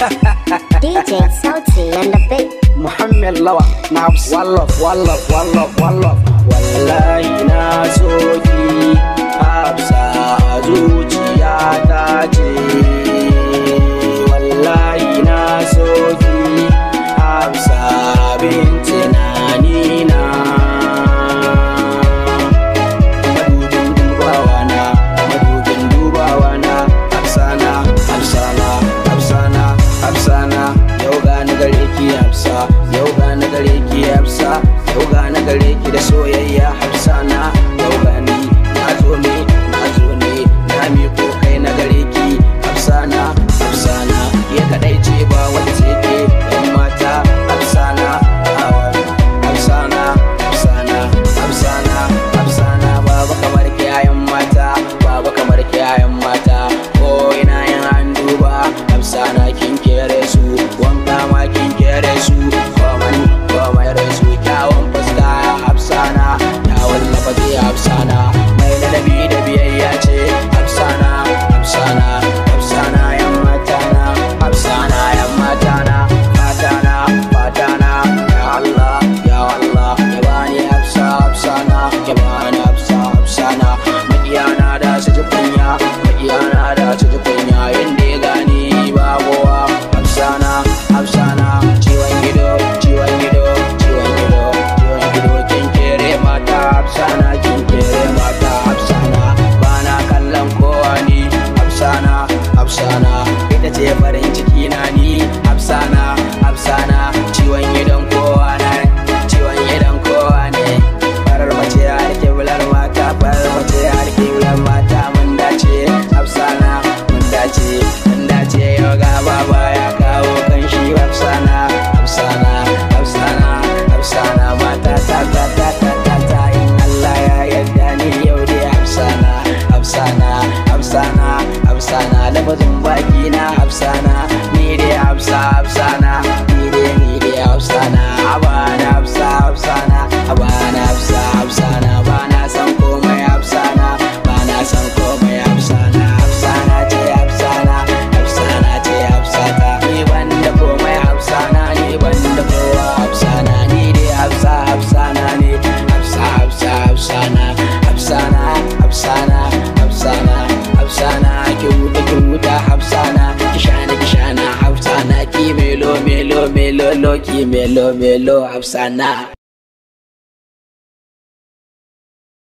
DJ Salty and the big Muhammad Lawa. Now, wallop, wallop, wallop, wallop. one love, yau na gare ki da soyayya outside. tuta hafsana kishana kishana na ki melo melo melo lo ki melo melo na